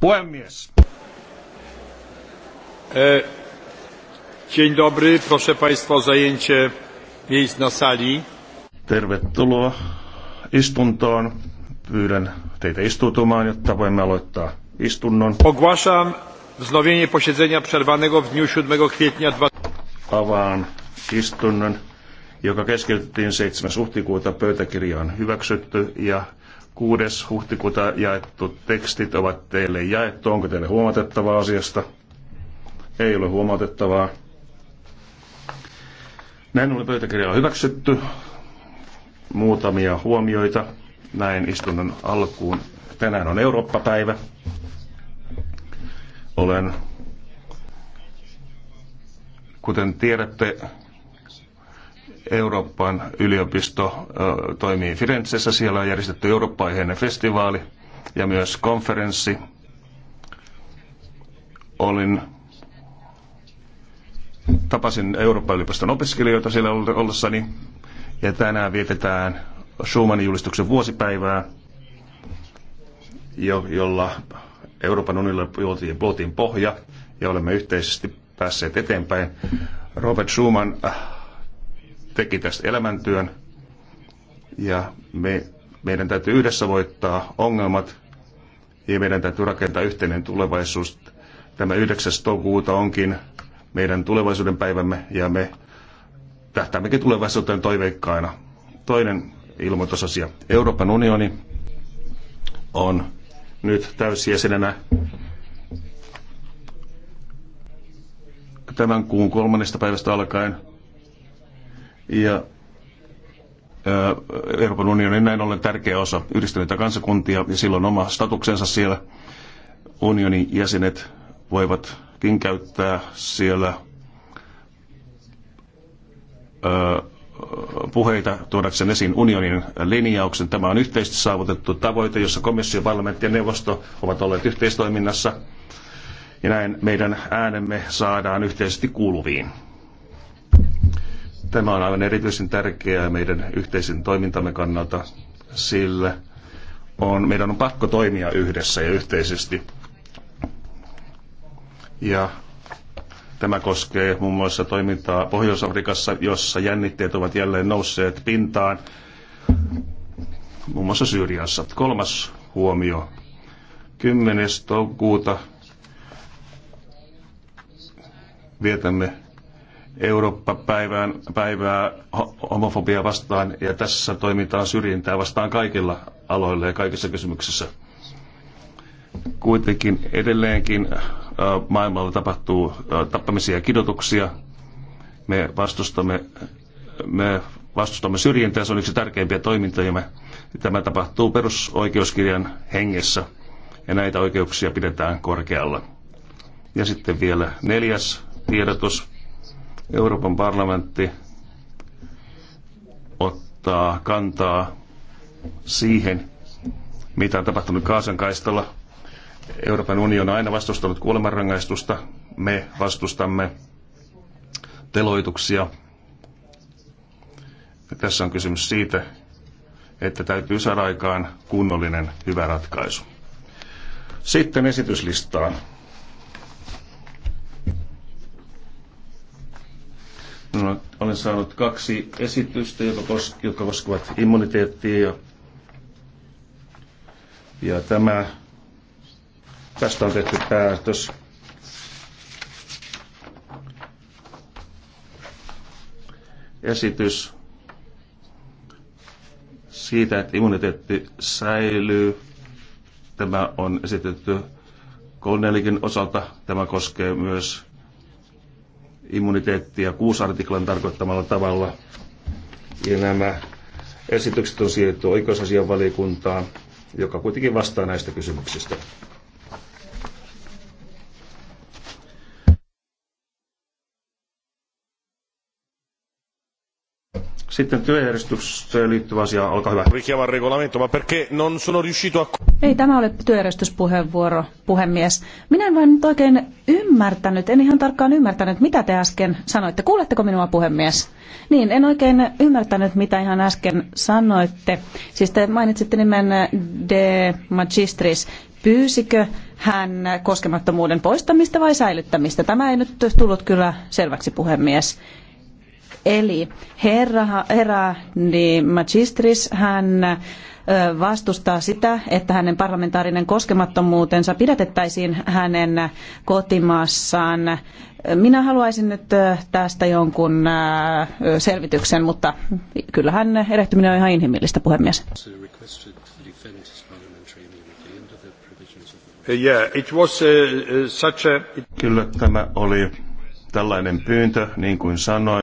Puhemies. E, dzień dobry, proszę Państwa o zajęcie miejsc na sali. Tervetuloa istuntoon. Pyydän teitä istutumaan, jotta voimme aloittaa istunnon. Ogłaszam wznowienie posiedzenia przerwanego w dniu 7 kwietnia Avaan istunnon joka keskeytettiin 7. huhtikuuta. Pöytäkirja on hyväksytty ja 6. huhtikuuta jaettu tekstit ovat teille jaettu. Onko teille huomatettavaa asiasta? Ei ole huomatettavaa. Näin ollen pöytäkirja on hyväksytty. Muutamia huomioita näin istunnon alkuun. Tänään on Eurooppa-päivä. Olen, kuten tiedätte, Euroopan yliopisto toimii Firenzessä. Siellä on järjestetty eurooppa-aiheinen festivaali ja myös konferenssi. Olin tapasin Euroopan yliopiston opiskelijoita siellä ollessani ja tänään vietetään Schumannin julistuksen vuosipäivää, jo, jolla Euroopan unionilla luotiin, luotiin pohja ja olemme yhteisesti päässeet eteenpäin. Robert Schumann teki tästä elämäntyön. Ja me, meidän täytyy yhdessä voittaa ongelmat ja meidän täytyy rakentaa yhteinen tulevaisuus. Tämä 9. toukokuuta onkin meidän tulevaisuuden päivämme ja me tähtäämmekin tulevaisuuteen toiveikkaina. Toinen ilmoitusasia. Euroopan unioni on nyt täysjäsenenä tämän kuun kolmannesta päivästä alkaen – ja Euroopan unionin näin ollen tärkeä osa yhdistyneitä kansakuntia ja silloin oma statuksensa siellä. Unionin jäsenet voivatkin käyttää siellä puheita tuodakseen esiin unionin linjauksen. Tämä on yhteisesti saavutettu tavoite, jossa komissio, parlamentti ja neuvosto ovat olleet yhteistoiminnassa. Ja näin meidän äänemme saadaan yhteisesti kuuluviin. Tämä on aivan erityisen tärkeää meidän yhteisen toimintamme kannalta, sillä on, meidän on pakko toimia yhdessä ja yhteisesti. Ja tämä koskee muun muassa toimintaa Pohjois-Afrikassa, jossa jännitteet ovat jälleen nousseet pintaan, muun muassa Syyriassa. Kolmas huomio. 10. toukokuuta vietämme Eurooppa-päivään, päivää homofobia vastaan ja tässä toimitaan syrjintää vastaan kaikilla aloilla ja kaikissa kysymyksissä. Kuitenkin edelleenkin äh, maailmalla tapahtuu äh, tappamisia ja kidotuksia. Me vastustamme, me vastustamme syrjintää, se on yksi tärkeimpiä toimintoja. Tämä tapahtuu perusoikeuskirjan hengessä ja näitä oikeuksia pidetään korkealla. Ja sitten vielä neljäs tiedotus Euroopan parlamentti ottaa kantaa siihen, mitä on tapahtunut Kaasan kaistalla. Euroopan unioni on aina vastustanut kuolemanrangaistusta. Me vastustamme teloituksia. Ja tässä on kysymys siitä, että täytyy saada aikaan kunnollinen hyvä ratkaisu. Sitten esityslistaan. olen saanut kaksi esitystä, jotka koskevat immuniteettia ja, ja tämä, tästä on tehty päätös. Esitys siitä, että immuniteetti säilyy. Tämä on esitetty Kolnelikin osalta. Tämä koskee myös immuniteettia kuusartiklan tarkoittamalla tavalla. Ja nämä esitykset on siirretty oikeusasianvaliokuntaan, joka kuitenkin vastaa näistä kysymyksistä. Sitten työjärjestykseen liittyvä asia, olkaa hyvä. Ei tämä ole työjärjestyspuheenvuoro, puhemies. Minä en vain nyt oikein ymmärtänyt, en ihan tarkkaan ymmärtänyt, mitä te äsken sanoitte. Kuuletteko minua, puhemies? Niin, en oikein ymmärtänyt, mitä ihan äsken sanoitte. Siis te mainitsitte nimen de magistris. Pyysikö hän koskemattomuuden poistamista vai säilyttämistä? Tämä ei nyt tullut kyllä selväksi, puhemies. Eli herra, herra Magistris, hän vastustaa sitä, että hänen parlamentaarinen koskemattomuutensa pidätettäisiin hänen kotimaassaan. Minä haluaisin nyt tästä jonkun selvityksen, mutta kyllähän erehtyminen on ihan inhimillistä, puhemies. Uh, uh, Kyllä tämä oli tällainen pyyntö, niin kuin sanoin.